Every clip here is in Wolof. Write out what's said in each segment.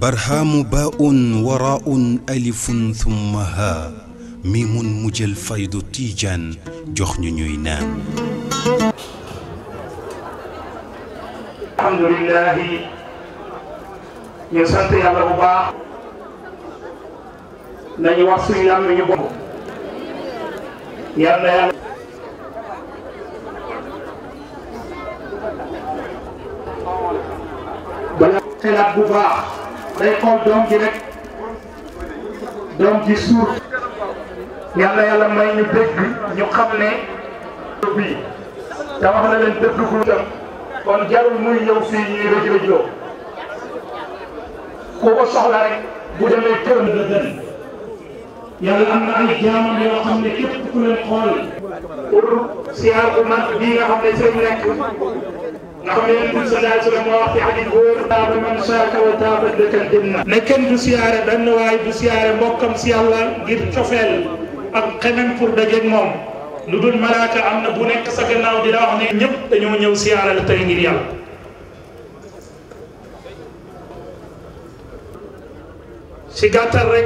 برهام باء وراء ألف ثم ها ميم مجل فيض تيجان جخن نينان الحمد لله يسنت يا ربا نيواصل يا ربا يا ربا xelaat bu baax day xool doom ji rek doom ji suur yàlla yàlla may ñu dégg ñu xam ne bi te wax na leen dëddugul tam kon jarul muy ñëw fii ñuy rëj rëjloo ku ko soxla rek bu demee kër la dem yàlla am na ay jaamam yoo xam ne képp ku leen xool pour siyaar bu mag bii nga xam ne seen nekk لكن بسيارة بنواي بسيارة مكم سيالا غير شوفل أقنن فور دجن مم لدون مراكة أم نبونك سكننا ودراهن نب نيو نيو سيارة لتنيريا سيغاتا ري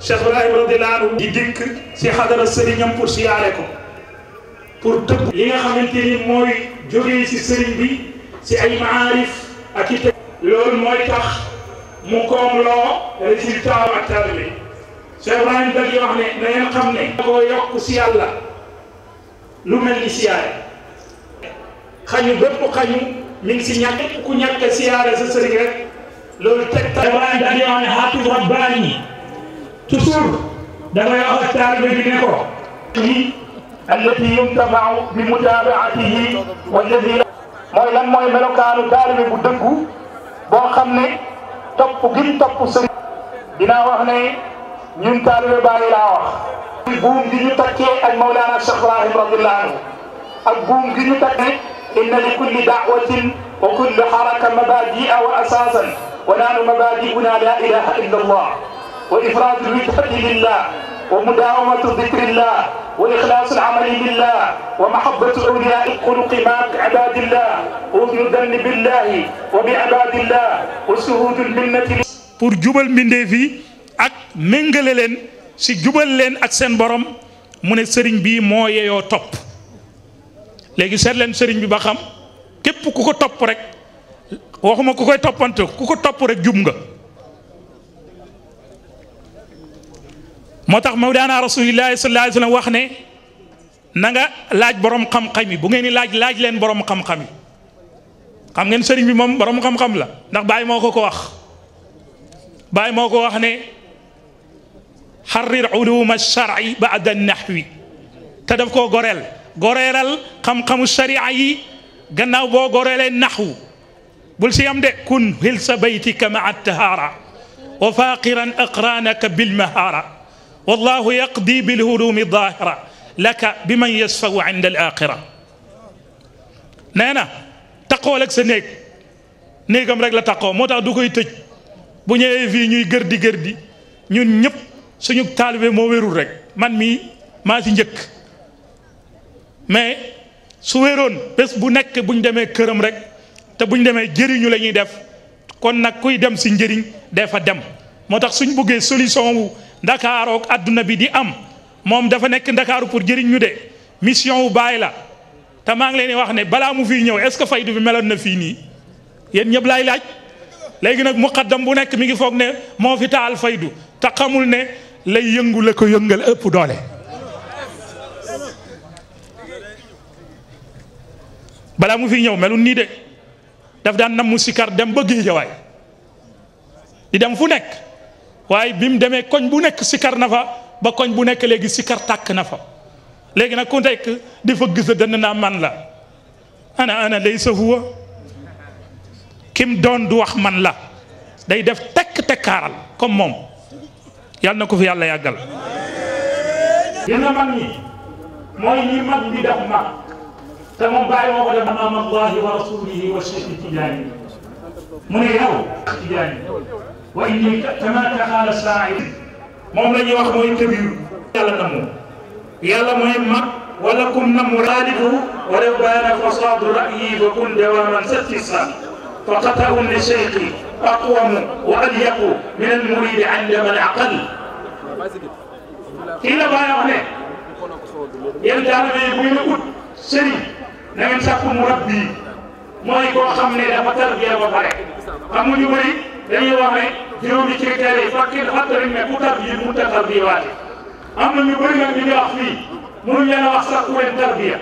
شيخ الله رضي الله عنه دي ديك سي حضر السرين يم فور سيارة كو pour tepp li nga xamanteni moy joge ci serigne bi ci ay maarif ak i loolu mooy tax mu koomloo résultat ak tarbi Cheikh Ibrahim dag yoo xam ne na ngeen xam ne koo yokk si yàlla lu mel ni siyaare xañu bépp xañu mi ngi si ñàkk ku ñàkk siyaare sa sëriñ rek loolu teg Cheikh Ibrahim dag yoo xam ne xaatu rabbaani toujours dangay wax ak tarbi bi ne ko allati yuntafaau bi mutaabaatihi wa moy lan moy melokanu talibé bu dëggu bo xamné top topp gim topp sëriñ dinaa wax ne ñun talibé bàyyi la wax buum gi ñu takkee ak mawlana Cheikh Ibrahim radiyallahu anhu ak buum gi ñu takkee inna li kulli da'watin wa kulli harakatin mabadia wa asasan wa naanu mabadiuna la ilaha illa allah wa ifraadu lwitati lillah ومداومة ذكر الله وإخلاص العمل لله ومحبة أولياء الخلق مع عباد الله أولي بالله وبعباد الله وسهود المنة pour jubal minde fi ak méngale len ci jubal len ak sen borom mune serigne bi mo yeyo top topp set len serigne bi ba xam kep kuko top rek waxuma kuko topante kuko top rek jub nga motax mawdana mawdaana rasulillahi sallallahu alayhi wasallam waxne wax nga laaj borom xam-xam yi bu ngeen laaj laaj len borom xam-xam xam ngeen serigne bi mom borom xam-xam la ndax Baye moko ko wax Baye moko ko wax ne xarrir uluma shari an nahwi ta daf ko gorel goreelal xam-xamu sharia yi gannaaw bo gorele nahwu bul si am de kun hil sa baytika ma'at tahara wa faqiran aqranaka bil bilmahaara والله يقضي بالهلوم ظاهرة لك بمن يسفو عند الآخرة نانا تقوى لك سنيك نيك أمرك لا تقوى موتا دوكو يتج بو نيه في نيو گردي گردي نيو نيب سنيو تالوه موويرو رك من مي ما سنجك مي سويرون بس بو نك بو ندمه كرم رك تا بو ندمه جيري نيو لنيو دف كون نك دم سنجرين دفا دم موتا سنجبوغي سوليسون ak aduna bi di am mom dafa nek Dakar pour jeriñ ñu mission wu baay la te maa ngi leen wax ne bala mu fi ñew est-ce que faydu bi melon na fii nii yéen ñëpp laay laaj léegi muqaddam bu nek mi ngi ne mo fi taal faydu ta xamul ne lay yëngu la ko yëngal ëpp doolé bala mu fi ñew melun ni dé daf daan nam sikar dem ba di dem fu waaye bi mu demee koñ bu nekk sikar na fa ba koñ bu nekk léegi sikar tàkk na fa léegi nag ku nekk di fa gis dana naa man la ana ana laysa huwa kim doon du wax man la day def tekk tekkaaral comme moom yàlla na ko fi yàlla yàggal yéen a mag mooy ñi mag ñi def mag te moom bàyyi moo ko def wa rasulihi wa cheikh tijaani mu ne yow tijaani wa inni kama qaala saa'id moom la ñuy wax mooy kabiir yàlla namu yàlla mooy mag wala kum namu raadibu wala baana fasaadu ra'yi ba kun dawaaman sattisa fa qata'un li shaykhi aqwamu wa alyaqu min al muridi indama al aqal kii la bàyyi wax ne yéen daanaka yi buy la ut sëriñ na ngeen sàkku murabbi mooy koo xam ne dafa tarbiya ba pare xam nga ñu bëri dañuy wax ne juróomi ci teel yi fakkil xattarin ne ku tarbiya mu tarbiyawaate am na ñu bëri nag ñu ngi wax fii mënuñ leen a wax sax ku leen tarbiya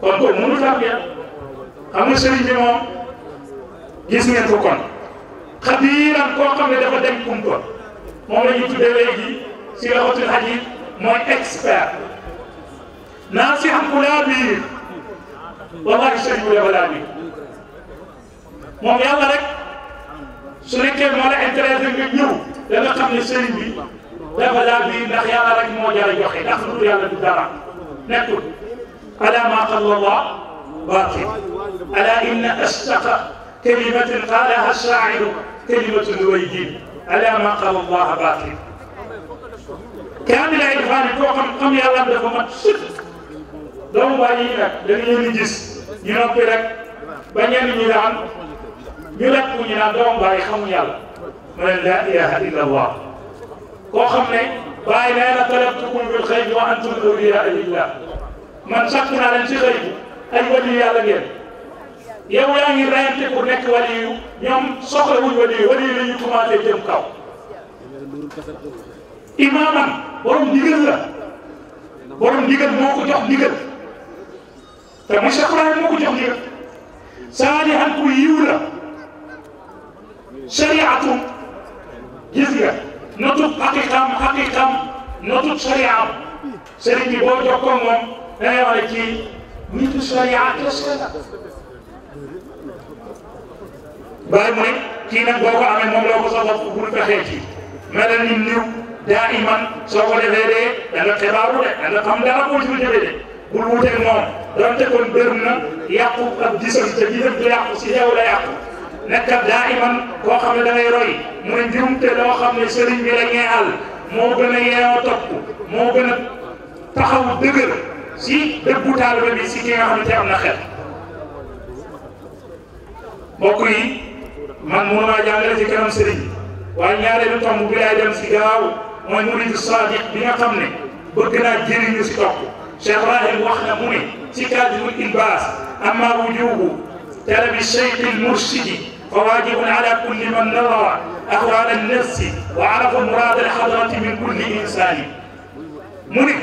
kon ko mënu tarbiya xam nga sëriñ bi moom gis ngeen ko kon xabiiran koo xam ne dafa dem kumpa moom la ñu tuddee léegi si la xotul xajib mooy expert naa si xam ku laa biir wallahi sëriñ bu dafa laa moom yàlla rek سنكيب مولا انتريز ميو لما قبل سنين بي لما لا بي لخيا لك موجه لجوحي لأخذ ريالة الدارة نكتب على ما قال الله باقي على إن أستقى كلمة قالها الشاعر كلمة الويجين على ما قال الله باقي كان العرفان كوكم قم يا الله بكم سك دوم بانينا لن يمجس ينطرك بانينا من يلعن ñu nekk ñu naan doom bàyyi xamu yàlla mu ne laa ilaha illa allah koo xam ne bàyyi nee na talabtukum bil xëy wa antum awliyaa lillah man sàkk naa leen si xëy bi ay wali yàlla ngeen yow yaa ngi reyante pour nekk wali yu ñoom soxla wuñ wali yu wali yu la ñu commencé jëm kaw imaaman borom ndigal la borom ndigal moo ko jox ndigal te mu Cheikh Ibrahima moo ko jox ndigal saalihan ku yiw la shari'atu gis nga notub xaqiqam xaqiqam notub shari'am sëriñ bi boo jokkoo moom da ngay wax ci nitu sharia kese la bàyyi mu ne kii nag boo ko amee moom loo ko soxla bul fexee ci melal ni niw daa iman soo ko defee dee da nga xibaaru de da nga xam dara boo ci jëlee de bul wuteeg moom donte kon dër na yàqu ak disam te gisam du yàqu si yow la yàqu nekkal daayiman koo xam ne da ngay roy mooy njuumte loo xam ne sëriñ bi la ñuy àll moo gën a yeewoo topp moo gën a taxaw dëgër si dëggu taaliba bi si ki nga xamante am na xel. mbokk yi man mënuma jàngale ci kanam sëriñ waaye ñaareelu tomb bi lay dem si gaaw mooy murid sadiq bi nga xam ne bëgg naa jëriñu si topp Cheikh Rahim wax na mu ne si kàddu ilbaas amma wujubu talabi cheikh al murshidi فواجب على كل من نرى أهوال النفس وعرف مراد الحضرة من كل إنسان منك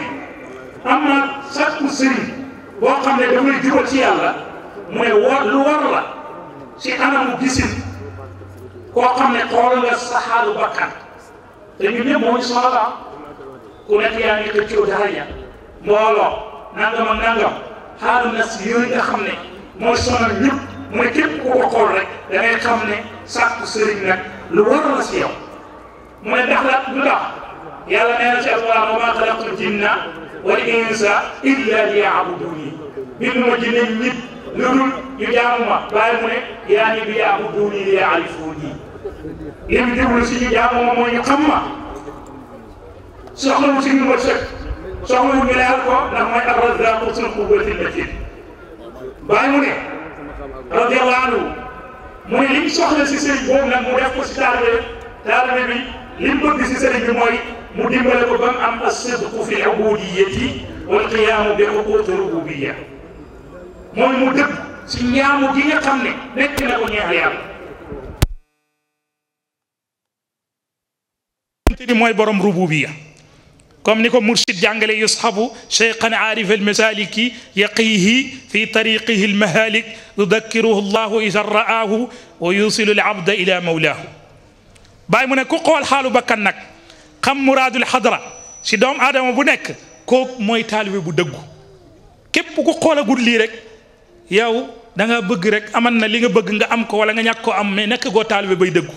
أما سك سري وقم لدول جبتي الله من الورى سي أنا مجسم وقم لقول الصحابة بكر تنمي موي صلاة كنت يعني كتير دهيا مولو نعم نعم هذا الناس يوين تخمني موي صلاة mooy képp ku ko xool rek da ngay xam ne sàkku sëriñ nag lu war la si yow mu ne la lu tax yàlla nee na ci alquran wa maa xalaqtul jinna wal insa illa liya'buduni binduma jinne nit lu dul ñu jaamu ma bàyyi mu ne yaa ni bi ya'buduni li ya'rifuni li mu jublu si ñu jaamu ma mooy ñu xam ma soxlawul si ñu ma sëkk soxlawul ñu leer ko ndax mooy ar-razzaqu zul quwwatil matin mu ne radiyallahu anhu mu ne li mu soxla si sëriñ boobu nag mu def ko si taalibe taalibe bi li mu bëgg si sëriñ bi mooy mu dimbale ko ba mu am as-sidqu fi ubudiyyati wal qiyaamu bi huquqi rububiyya mooy mu dëgg si ñaamu gi nga ne nekk na ko ñeex yàlla. borom rububiyya comme ni ko mursid jàngale yushabu cheikhan aarif almasaliki yaqihi fi tariqihi almahalik yudakkiruhu llahu iza ra'aahu wa yusilu alabda ila mawlaahu bàyyi mu ne ku xool xaalu bakkan nag xam muraadul xadra si doom aadama bu nekk kooku mooy taalibe bu dëggu képp ku xoolagul lii rek yow da nga bëgg rek aman na li nga bëgg nga am ko wala nga ñàkk koo am mais nekk goo taalibe bay dëggu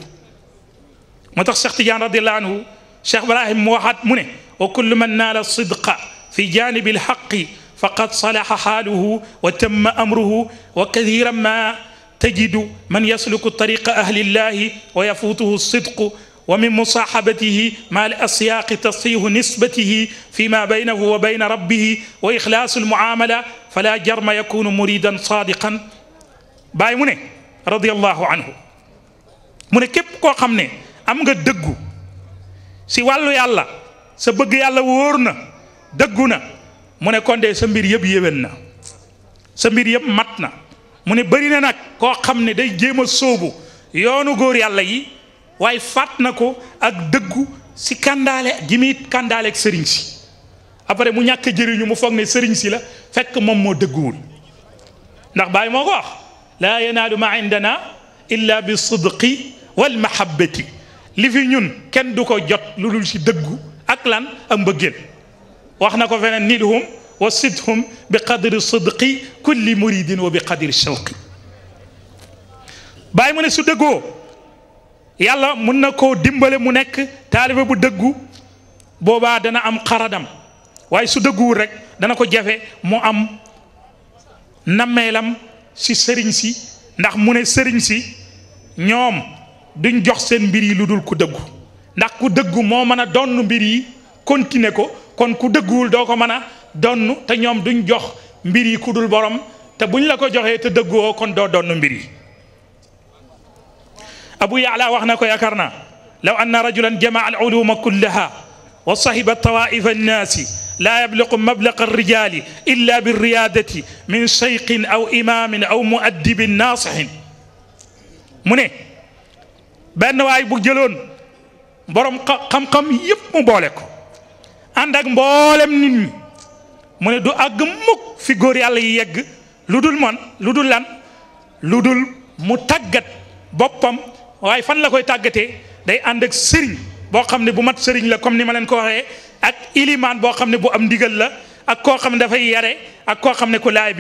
moo tax Cheikh Tidiane radiallahu anhu Cheikh Ibrahim mu waxaat mu ne وكل من نال الصدق في جانب الحق فقد صلح حاله وتم أمره وكثيرا ما تجد من يسلك طريق أهل الله ويفوته الصدق ومن مصاحبته ما الأسياق تصيه نسبته فيما بينه وبين ربه وإخلاص المعاملة فلا جرم يكون مريدا صادقا باي مني رضي الله عنه مني كيب كو خمني أم دقو si يا الله sa bëgg yàlla wóor na dëggu na mu ne kon de sa mbir yëpp yéwén na sa mbir yëpp mat na mu ne bari na nag koo xam ne day jéem a yoonu góor yàlla yi waaye fàtt na ko ak dëggu si kàndaale gi muy kàndaale sëriñ si après mu ñàkk jëriñu mu foog ne sëriñ si la fekk moom moo dëgguwul ndax baay moo ko wax laa ma indana illa bi sidqi wal mahabbati li fi ñun kenn du ko jot lu dul si dëggu ak lan am mbëggeel waxna ko fenen nidhum wasidhum sidhum bi qadri sidqi kulli muridin wa bi qadri shawqi bay mu ne su deggo yàlla mun na koo dimbale mu nek talibé bu dëggu boba dana am xaradam way su deggu rek dana ko jafe mu am namelam si sëriñ si ndax mu ne sëriñ si ñom duñ jox sen mbiri luddul ku dëggu ndax ku deug mo meuna a mbir yi continuer ko kon ku deugul doo ko mën a te ñom duñ jox mbir yi kudul borom te buñ la ko joxe te deug wo kon do donn mbir yi abu ya'la wax na ko yakarna law anna rajulan jamaa al uluma kullaha wa sahiba tawa'if an-nas لا يبلغ مبلغ الرجال إلا بالريادة من شيخ أو إمام أو مؤدب ناصح mu ne واي waay bu borom xam-xam yep mu bolé ko ànd ak mbolam nit ñi mu ne du ag mukk fi góor yàlla yi yegg ludul man ludul lan ludul mu tagat bopam way fan la koy tagaté day ànd ak serign bo xam bu mat serign la comme ni ma len ko waxé ak iliman bo xam bu am ndigal la ak ko xam da fay yare ak ko xam ko ku la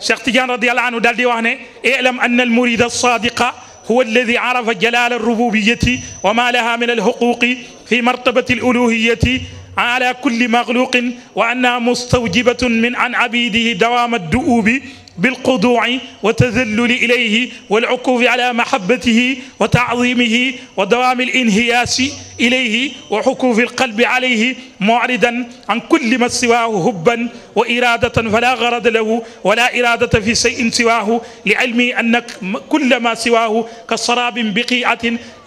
Cheikh Tidiane radiallahu anhu daldi wax ne ilam anna al murida sadiqa هو الذي عرف جلال الربوبية وما لها من الحقوق في مرتبة الألوهية على كل مخلوق وأنها مستوجبة من عن عبيده دوام الدؤوب بالخضوع وتذلل إليه والعكوف على محبته وتعظيمه ودوام الانهياس إليه وحكوف القلب عليه معرضا عن كل ما سواه هبا وإرادة فلا غرض له ولا إرادة في شيء سواه لعلمي أن كل ما سواه كسراب بقيعة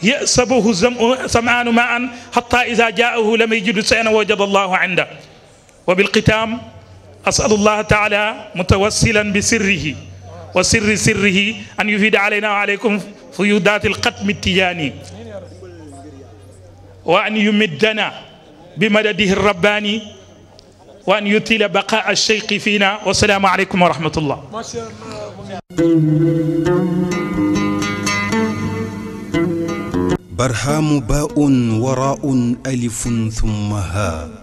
يأسبه سمعان ماء حتى إذا جاءه لم يجد سينا وجد الله عنده وبالقتام أسأل الله تعالى متوسلا بسره وسر سره أن يفيد علينا وعليكم فيودات القتم التجاني وأن يمدنا بمدده الرباني وأن يطيل بقاء الشيخ فينا والسلام عليكم ورحمة الله الله برهام باء وراء ألف ثم هاء